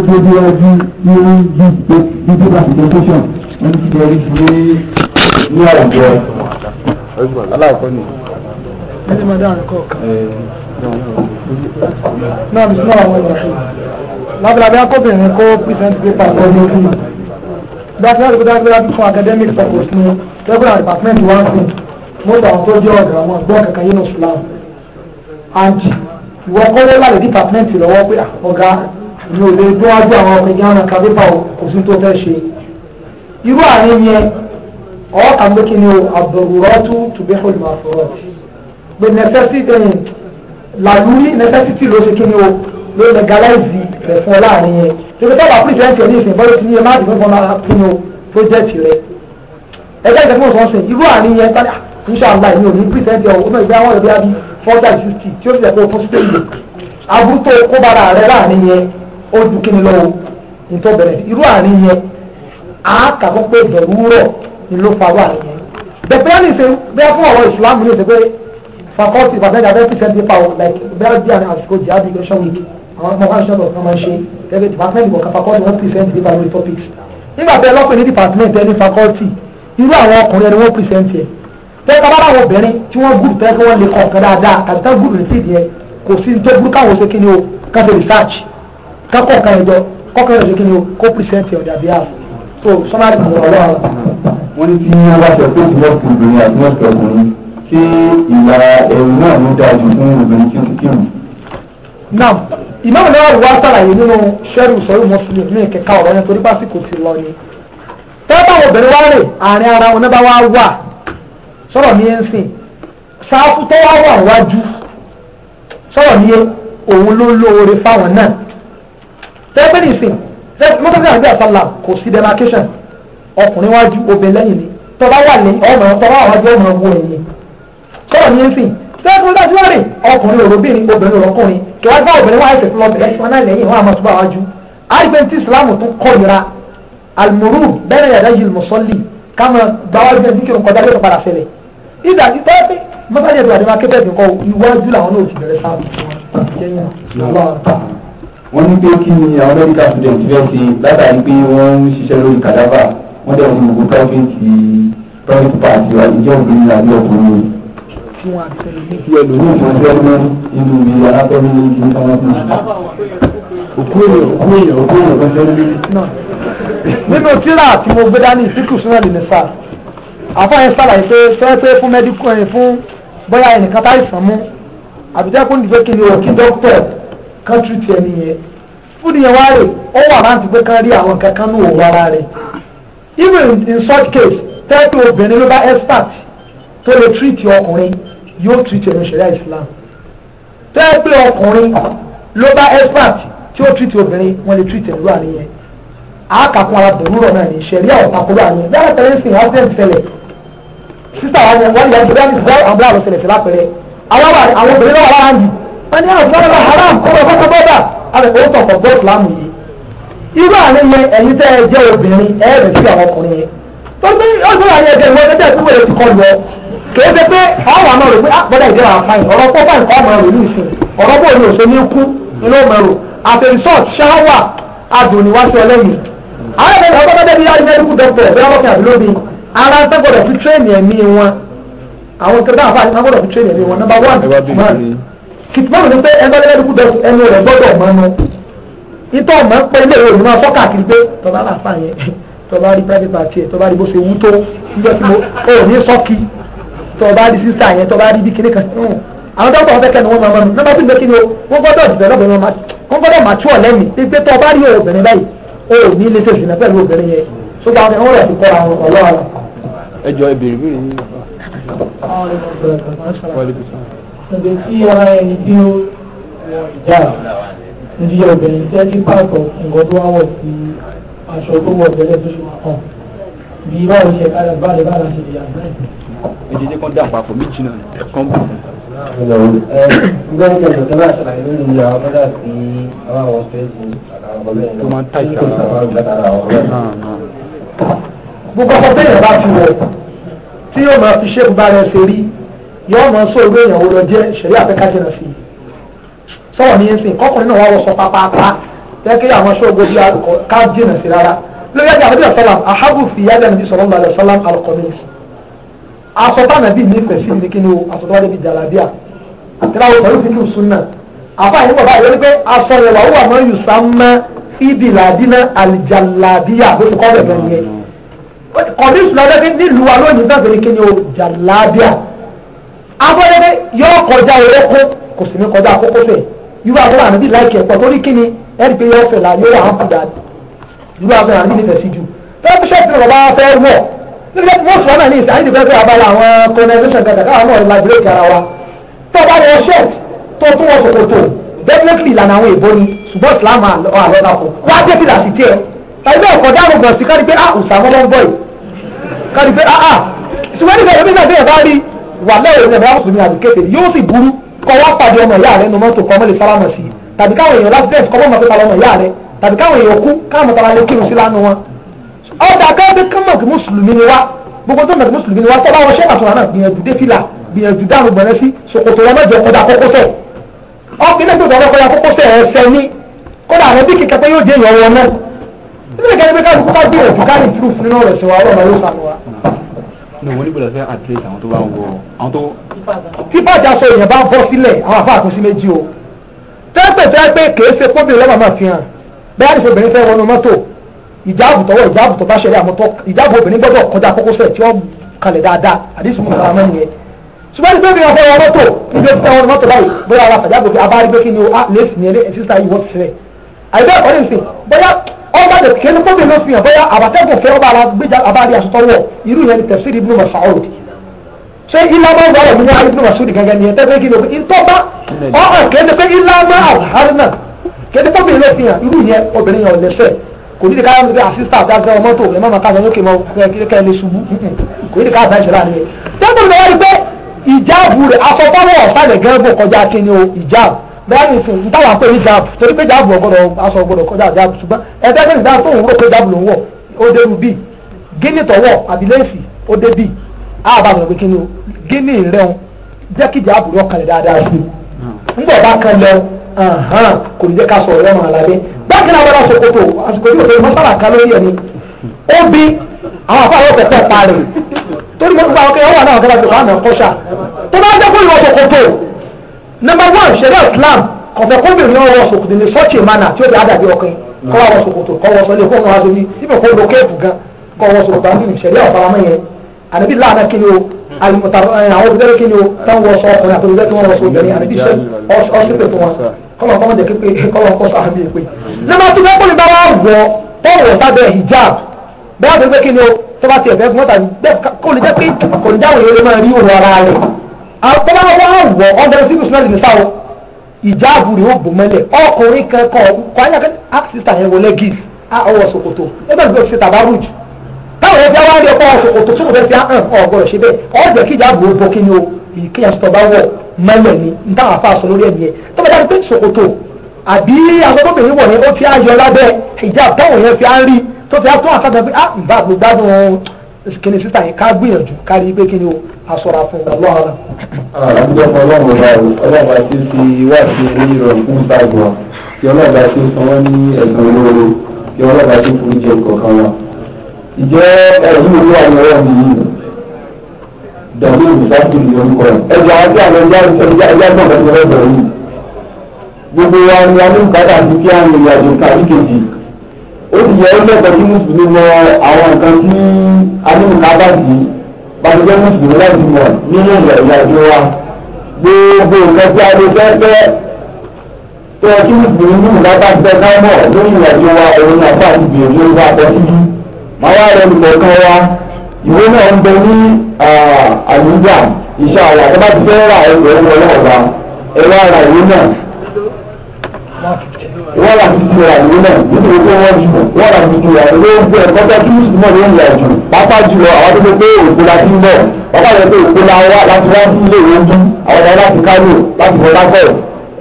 ó tó bí ọdún tí ó ń yí pé bíbí bá ti dẹ́kọ́sọ̀n wọ́n ti jẹ́ ìwé ní àwùjọ. aláàkọ́ ni. ẹ ti máa dá àrùn kọ́. náà mi sún àwọn ọmọ ìṣòro lábẹ́lábẹ́ akọ́bìnrin kó present paper lọ ní ojú mi. dáṣẹ́ àti kúta fẹ́rẹ́ fún academic purpose ní regular department one thing most àwọn tó jẹ́ ọ̀dọ̀ àwọn ọgbọ́n kankan yìí nù fúlàn. and ìwọ kọ́lé láti department lọ́wọ́ pé ah, ọ̀gá mi ò lè déwájú àwọn ọmọ ìgbà náà kàdébà kò sí tó fẹ́ ṣe irú àárín yẹn ọ̀ kàmbékì ni o àbẹ̀wòrọ́tù tùbẹ́hùn ìmọ̀ the necessity eh, làlúrí necessity ló ṣe kí ni o ló legalize rẹ̀ fún ọ láàrin yẹn tètè tọ́ba present ẹ̀ ní ìsìn bọ́lá ti ní ẹ má dùn fún ọ pinnu project rẹ̀ ẹgbẹ́ ìtẹ́fún ọ̀sán sìn irú àárín yẹn tálẹ̀ inṣàlá ìní òní present ẹ̀ ọ̀gbọ́n ìgbé àwọn ẹ̀bí àbí four hundred and sixty tí ó sì yẹ kó fún sílẹ̀ yìí abúrútó kó bára rẹ̀ láàrin yẹn ó ju kí ni lọ́wọ́ nítorí bẹ̀rẹ̀ irú àárín yẹn á kà fún pé dọ̀rúrọ̀ ni ló fa wà yẹn bẹ̀pẹ́ ní ṣe bẹ́ẹ̀ fún ọ̀rọ̀ ìsìlámù ní ìṣègbè fakọ́tì ìbàdàn abẹ́ pípẹ́ nípa ọ̀ like bẹ́ẹ̀ díà ní àsìkò jihadi ìgbésọ̀ wíìkì àwọn ọmọ wọn ṣọ́dọ̀ kan máa ń ṣe gẹ́gẹ́ department ìwọ̀n kan fakọ́tì wọ́n present nípa lórí topics nígbà bẹ́ẹ̀ lọ́pẹ́ ní department ẹni fakọ́tì irú àwọn ọkùnrin ẹni wọ́n present yẹ tẹ́ka bá láwọn obìnrin tí wọ́n gùn tẹ́ka wọ́n lè kọ̀ọ̀kan dáadáa kàtàkùn gùn rẹ̀ sí ìdíyẹ kò sí tó burúkú àwọn ṣe kí ni o kábẹ̀ research kakọ kan ẹjọ kọkọ ẹjọ kí ni o kó pírísẹǹtì ọ̀dà bíi àfọ so sọmárì kan lọ wà. wọ́n ní tí wọ́n bá sọ pé ìwọ fi obìnrin àti wọ́n sọ obìnrin ṣé ìlà ẹ̀rù náà ló dáa jù fún obìnrin tí ó kí òun. now Imam Nawawi wá sàlàyé nínú sẹ́rù sọ́rù mọ́sílẹ̀ ní ìkẹ́kà ọ̀rọ̀ yẹn torí pásítọ̀ ti lọ ni. tẹ́lifà obìnrin wá rè àárín ara wọn náà bá wá wà sọ̀rọ̀ ní ẹ̀ ń sìn ṣáfù tó tẹ́gbẹ́ nìsín mọ́tòkì àti àsálà kò sí demarcation ọkùnrin wájú obìnrin lẹ́yìn ni tọ́ba wà ní ọmọ tọ́ba àwájú ọmọ wo ẹ̀yìn sọ̀rọ̀ ní nsìn tẹ́gbẹ́ dájú rẹ̀ ọkùnrin òròbìnrin obìnrin òròkùnrin kí wọ́n bá obìnrin wáyé fẹ̀fún lọ́bìnrin ẹ̀sìn wọn náà lẹ́yìn wọn àmọ́ tọ́ba àwájú àìgbẹ́ntì ìsìlámù tún kọ́ ìra almuru bẹ́ẹ̀ yàrá yìí mùsọ́lì káma gbáwájú ẹ̀ dúkìrún kọjá lẹ́nu padà fẹ́lẹ̀ ìdá ìtọ́ pé mọ́tàdé ẹ̀dùn àdìmọ́ akẹ́kẹ́ ẹ̀dùn kọ́ iwájú làwọn náà ò ti bẹ̀rẹ̀ sáà wọ́n ní pé kí ni àwọn medical students fẹ́ ṣe látàrí pé wọ́n ń ṣiṣẹ́ lórí kàdáfà wọ́n dẹ̀ wọ́n mú private private party wa ìjọ obìnrin àbí ọkùnrin ti ẹlòmíì tó fẹ́ mú inú mi alábẹ́rẹ́ ní ìlú táwọn ti ń bá. òkú èèyàn òkú èèyàn òkú èèyàn kan fẹ́ rí. nínú tíra tí mo gbé dání ìsìnkú sínú ẹ̀lì ní sáà àfọyín sàlàyé pé fẹ́ẹ́fẹ́ fún mẹ́díkù ẹ̀yìn eh, fún bóyá ẹnìkan táìsàn mú àbíjẹ́kùn nígbẹ́kìnrin òkú dókítà kán tú tiẹ̀ nìyẹn fúdi yẹn wá rè ó wà láti pé kán rí àwọn kankan ní òwò ara rẹ̀ even in such case tẹ́tù obìnrin ló bá expert tó lè treat ọkùnrin yóò treat ẹ̀rọ ìṣẹ̀lẹ̀ Islam tẹ́tù ọkùnrin ló bá expert tí ó treat obìnrin wọ́n lè treat ẹ̀rọ àníyẹn àákàkùn ara dòmúrọ̀ náà ní ìṣẹ̀lẹ̀ ọ̀tàkùnrin àníyẹn dára tẹ̀lé sí ìhásẹ́ǹtì tẹ̀lẹ̀ sísà wọn ni wọ́n yẹ kí wọ́n ní sọ́ọ́ àbúrò àlọ́sẹ̀lẹ̀ sí lápẹ̀rẹ̀ àwọn obìnrin náà wà lára ní àgbára haram kọ́ra pátápátá àbẹ̀ ó tọ̀kọ̀ bọ́ ìsìlámù yìí irú àárín yẹn ẹ̀yin tẹ́ ẹ jẹ́ obìnrin ẹ rẹ̀ sí àwọn ọkùnrin yẹn tó ní ọjọ́ àárín ẹ̀jẹ̀ ìwọ ẹ̀jẹ̀ tí wèrè ti kọ́ lọ kì í ṣe pé àwọn àmọ́ rẹ̀ pé àpọ̀dà ah, ìjọba àfàìn ọ̀rọ̀ pọ̀ báyìí kọ́ ọmọ rẹ̀ ní ìsìn ọ̀rọ̀ bó ni òṣèlú ikú inú ọmọ rẹ̀ àti resort ṣáwà adùnìwáṣẹ ọlẹ́yìn àwọn ẹ̀jẹ̀ ìwọ gbọ́dọ̀ bí yára mẹ́rìkù dọ́kítọ̀ ẹ̀bí ọlọ́kẹ́ àbílóbi ara ń tẹ́gbọ̀dọ̀ fi tírẹ́ẹ̀nì ẹ̀mí wọn àwọn kẹta àfàìn náà gbọ́dọ̀ fi tírẹ́ẹ̀nì ẹ̀mí wọn number one kìtìmọ́nù ni pé ẹgbẹ́ lẹ́dúkú bẹ́ẹ̀ ẹnu rẹ̀ gbọ́dọ̀ mọ́ ẹnu ìtọ́ ọmọ ń pẹ́ ilé ìwé òun náà fọ́kà kiri pé tọ́ba làáfà yẹn tọ́ba rí private party ẹ̀ tọ́ba rí bó ṣe wú tó níjọ́ tí mo ò ní sọ́ọ̀kì tọ́ba rí sísá yẹn tọ́ba rí bí kíní kan àwọn dọ́gba wọn fẹ́ kẹ́ni wọn máa mọ́nu nọ́mbà tí mo kí ni o wọ́n gbọ́dọ̀ develop wọn wọ́n gbọ́dọ̀ mature lẹ́nu ní pé tọ́ba rí obìnrin báyìí o ò ní lè ṣèṣìnà pẹ̀lú obìnrin yẹn ṣùgbọ́n àwọn ọ̀rọ̀ ti kọ́ra wọn ọlọ́run. ẹ jọ ẹ bèrè níbi tí ara ẹni tí ó wọ ìjà níbi obìnrin jẹ́ ní pàtó nǹkan tó wá wọ̀ sí aṣọ tó wọ̀ tẹ́lẹ̀ tó ṣe kàn bí báwo ṣe kálẹ̀ báyìí báyìí láti di àgbẹ̀. ìdíje kan dà papọ̀ méjì náà ẹ̀kan bù. Gbogbo ẹ̀jẹ̀ tó bá ṣàlàyé lórí ìyá ọmọ dà sí àwọn àwọn fẹ́ẹ̀sì àtàwọn ọmọ bẹ́ẹ̀ náà. Tó máa ń tàjì àwọn ọmọ bẹ́ẹ̀ náà. Gbogbo ọmọ bẹ́ẹ̀ bá ti wọ̀ tí yóò máa fi ṣé bá rẹ̀ ṣe rí yóò mọ sọ ogún èèyàn wọlọ díẹ̀ ṣẹlẹ àfẹkájẹ lọ sí i sọ̀rọ̀ ní ẹsìn kọkùnrin náà wà wọ sọ pápápá tẹkẹrẹ àwọn sọ ogún díẹ̀ ká jìnà sí rárá lórí ẹjẹ àbẹbí ọsọlá ahabu fi yájà nàbí sọlọ lọ àlọsọlá alukọmẹtì asọta nàbí ní ìfẹ́ sí nìkíni o asọta wà níbi jàlábíà àtẹnáwó pẹ̀lú fíkì sunna àfa yìí bàbá yìí wípé aṣọ yẹn wà wà máa ń yùsà mọ ibiladina alijalabiya bó ti kọ́ bẹ̀rẹ̀ yẹn kọ́bí ìsúná ni o jàlábíà abọ́dẹ́dẹ́ yóò kọjá orókó kò sì ní kọjá àkókò fẹ̀ irú àbúrò ànábì láìkí ẹ̀pọ̀ torí kíni ẹ̀rí pé yóò fẹ̀ la yóò wà á kú dáadáa irú àbúrò ànábì nífẹ̀ẹ́ sí ju tẹ́lifí ṣẹ́ẹ̀tì rẹ̀ bá fẹ́ wọ̀ nígbà tí wọ́n sọ náà ní ìsàlẹ̀ ìdìbò ẹgbẹ́ abala àwọn colonization gàdà káwọn náà la bírèkì ara wa tó bá yọ ṣẹ́ẹ̀tì tó tún wọ ṣòkòtò definitely ìlànà àwọn èèbó ni ṣùgbọ́n Islam àlọ́dà fún wá dé fìlà sí tiẹ̀ tàbí bẹ́ẹ̀ kọjá àrùn gbọ̀nsí kárí pé ah ùsàmọ́ ló ń bọ̀ yìí kárí pé ah ah ṣùgbọ́n nígbà yẹn bí wà lẹ́yìn ọmọ ìyá mùsùlùmí àbí kéde yóò sì burú kọ́ wá pàdé ọmọ ìyá rẹ nu mọ́tò kọ́ mọ́lẹ̀ sálámà sí i tàbí káwọn èèyàn lásìkò kọ́ mọ́ pípa ọmọ ìyá rẹ tàbí káwọn èèyàn kú káwọn tara lè kírun sí lánà wọn. ọ̀dà káwọn kọ́mọ̀ kí mùsùlùmí ni wá gbogbo tó mọ̀kí mùsùlùmí ni wá tọ́ báwọn ṣẹ́nà tòun náà gbìyànjú dé fìlà gbìyànjú dáhùn gbọ̀nẹ́ sí ṣòkòtò wọn mẹ́jọ kọjá kókó sẹ̀. ọkùnrin tó dọ̀rọ̀ kọjá kókó sẹ̀ ẹsẹ̀ ni kódà àwọn bí kìkẹ́ pé yóò dé ìyọ̀wọ̀ náà. nígbà kẹ́ni pé káàdùkú ká gbé òfò káàdì túrùfù nínú ọ̀rọ̀ ṣèwà ọlọ́run ló sànù ní òun níbo lọ fẹ́ àdírẹ́sì àwọn tó bá ń wọ àwọn tó. tí bàjá sọ èèyàn bá ń bọ́ sílẹ̀ àwọn àfa àtúnṣe méjì o tẹ́pẹ̀ tẹ́pẹ̀ kìí ṣe kóbìnrin lọ́mọ máa fi hàn bẹ́ẹ̀ àdìsí obìnrin fẹ́ wọnú mọ́tò ìjáàbù tọwọ́ ìjáàbù tó bá ṣẹlẹ̀ àmọ́tọ́ ìjáàbù obìnrin gbọ́dọ̀ kọjá kókósẹ̀ tí ó kalẹ̀ dáadáa àdìsí mọ̀ àwọn mẹ́rin yẹn ṣùgbọ́n ní bẹ́ẹ̀ ọ̀fẹ́ wọn mọ́tò níbi tí wọn mọ́tò báyìí bóyá ara fàjágòkè abárígbé kí ni o ah, lè sì ní ẹlẹ́ sísá yìí wọ́n ti sílẹ̀ àìbẹ́ ọ̀rẹ́ ìsìn bóyá ọba dẹ̀ kí ẹni kóbi ló fi hàn bóyá àbátẹ́gùn fẹ́ ọba ara gbéjà abáàrí àtúntọ́ wọ̀ irú yẹn ni tafsir Ibn Mas'ud ṣé ìlànà ọba ọ̀rọ̀ mi ní Ibn Mas'ud gẹ́gẹ́ ni ẹ̀tẹ́ fẹ́ẹ́ kí lóko ìtọ́ba ọ̀hún kéde pé ìlànà àbárínà kéde kóbi ló fi hàn irú yẹn obìnrin yẹn ọ̀lẹ́sẹ̀ kò ní ká ní àsísítà àti àgbẹ̀ ọmọ tó ẹ̀ má máa ká àwọn olókè kẹ́ lè ṣubú kò ní ká àbá ìṣẹ̀lá ni. tẹ́gbọ̀n mi wá rí pé ìjáàbù rẹ̀ aṣọ fọ́lọ́ ọ̀sán rẹ̀ gẹ́gẹ́ bò kọjá kí ni o ìjáàbù bẹ́ẹ̀ ni fún ìtawà pé hijab torí pé jáàbù ọgbọ́dọ̀ aṣọ ọgbọ́dọ̀ kọjá jáàbù ṣùgbọ́n ẹgbẹ́ tó ìdáhùn tó ń rò pé jáàbù ló ń wọ̀ ó dé rú bíi gíní tọ̀wọ̀ àbílẹ̀sì ó dé bíi àbá mi ò pé kí ni o gíní rẹun jẹ́ kí jáàbù rọ kalẹ̀ dáadáa sí i ńgbọ̀ bá kan lọ kò ní jẹ́ ká sọ̀rọ̀ lọ́rùn àlàyé bákan náà wọ́n ṣòkòtò àsìkò yóò fẹ́ mọ́sálà kan lórí ẹ̀mí ó bí àwọn afọ àwọn pẹ̀pẹ́ parí torí mo gbà ọkẹ́ ọwọ́ náà ọ̀gá láti ọ̀hánà kọ́ṣà tó bá jẹ́ kó ìwọ ṣòkòtò number one ṣẹlẹ̀ Islam kọ̀fẹ́kọ́bìnrin náà wọ sòkòtò ní sọ́ọ̀tì ìmánà tí ó di àdàbí ọkùnrin kọ́ wọ sòkòtò kọ́ wọ sọlé kóhùn aṣọ ní ibẹ̀ kó lo kéèpù gan kọ́ wọ sòkòtò àmì ṣẹlẹ̀ ọ̀bá ọmọ yẹn àdàbí láàánà kí ni o àyùmọ̀tà àwọn olùdarí kí ni o táwọn wọ sọ ọkùnrin àti olùdarí tí wọ́n wọ sọ obìnrin àdàbí ọ̀ṣìpẹ̀ fún wọn kọ́lọ̀ kọ́mọ̀ jẹ́ pé kọ́lọ̀ kọ́ sàmì pé. nígbà tí wọ́n kọ́ni bá wà wọ̀ bọ́ọ̀wọ̀ sábẹ́ hijab bẹ́ẹ̀ bẹ́ẹ̀ kí ni o tó bá tiẹ̀ fẹ́ fún wọn tàbí kò ní jẹ́ pé kò ní jáwèé lè máa rí òun ara rẹ̀ àbọ̀lá wa wọ̀ ọ̀dọ̀ sí kùsùn náà lè o ìjáàbù rẹ̀ ó bò mọ́lẹ̀ ọkùnrin kan kọ kọ ayé akẹ́kẹ́ àkìsítà ah, yẹn wọlé gíìs ah, ọwọ́ ṣòkòtò ẹgbẹ́ ìgbẹ́ òṣìṣẹ́ tàbárù jù táwọn ẹgbẹ́ wa rí ọkọ̀ ṣòkòtò tó kò fẹ́ fi hàn ọ̀gọ̀rọ̀ ṣe bẹ́ẹ̀ ọ̀dọ̀ kí ìjáàbù ó bọ́ kí ni o ìkéyàn sọ bá wọ̀ mọ́lẹ̀ ni n táwọn afá sọ lórí ẹ̀mí ẹ̀ tó bá dáa pé ṣòkòtò àbí agbọ́dọ̀bìnrin wọ̀ ni ó fi á yọ lábẹ́ ìjáàbù táwọn yẹn fi á rí tó fi á tún àtàgbà pé ah, kí ni sísá yẹn ká gbìyànjú ká rí i pé kí ni o aṣọra fún un lọ́wọ́. Ah, àdúgbò ọmọ ọlọ́run bá o ọlọ́ba tí ó ti wá sí orí rẹ̀ fún ìgbàgbọ́ kí ọlọ́ba tí ó san ní ẹ̀sùn olóró kí ọlọ́ba tí ó forí jẹ kọ̀ọ̀kan wọn. ìjẹ́ ẹ̀rú ìlú àwọn ọ̀rọ̀ mi yìí dàbí ìdájú ìlú orúkọ rẹ̀. ẹ̀jọ̀ àti àwọn ẹgbẹ́ ọ̀rẹ́ bẹ̀rẹ̀ yìí ẹgbẹ́ kan tí láti pàṣẹ mùsùlùmí láti mọ̀ nínú ìrìn àjò wa gbogbo nǹkan tí a lè fẹ́ẹ́ tó ọtí mùsùlùmí ní ìgbà bá gbẹ ká mọ̀ lórí ìrìn àjò wa òun náà bá ti bèrè lórí wa pọ̀ síbi màá wá rẹ nìkọ̀ọ̀kan wa ìwé náà ń bẹ ní àlùjá ìṣàlà bá ti fẹ́ ra ẹgbẹ̀rún ọlọ́ọ̀ba ẹ̀rọ ara ìwé náà wọ́n rà sí ìtura ìlú náà nítorí pé wọ́n jù wọ́n rà sí ìtura ìlú náà nítorí pé ọjọ́ kí mùsùlùmí ló ń yà jù pápá jùlọ àwọn tó pé òkú la ti ń bọ̀ bàbá rẹ̀ pé òkú la wá láti wá sí ilé ìwé ojú àwọn ọ̀dọ́ láti kánò láti bọ̀ lábẹ́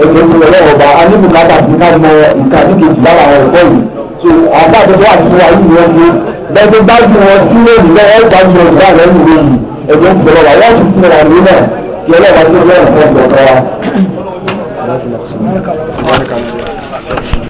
ẹgbẹ́ ìlú ọlọ́wọ́ bá a níbi káta sí ká mọ nǹkan ní kejì lára àwọn ẹ̀kọ́ yìí so àbá àtẹ̀tẹ̀ wà fún wa yìí wọ́n ṣe bẹ́ẹ̀ gbájú wọn sí lónìí náà gbájú wọn sí àlẹ́ ìwé ẹgbẹ́ ìlú ọlọ́wọ́ wọ́n ti fún wa lónìí náà kí ọlọ́wọ́ tó lọ́wọ́ fún ọ̀dọ̀ wa. ون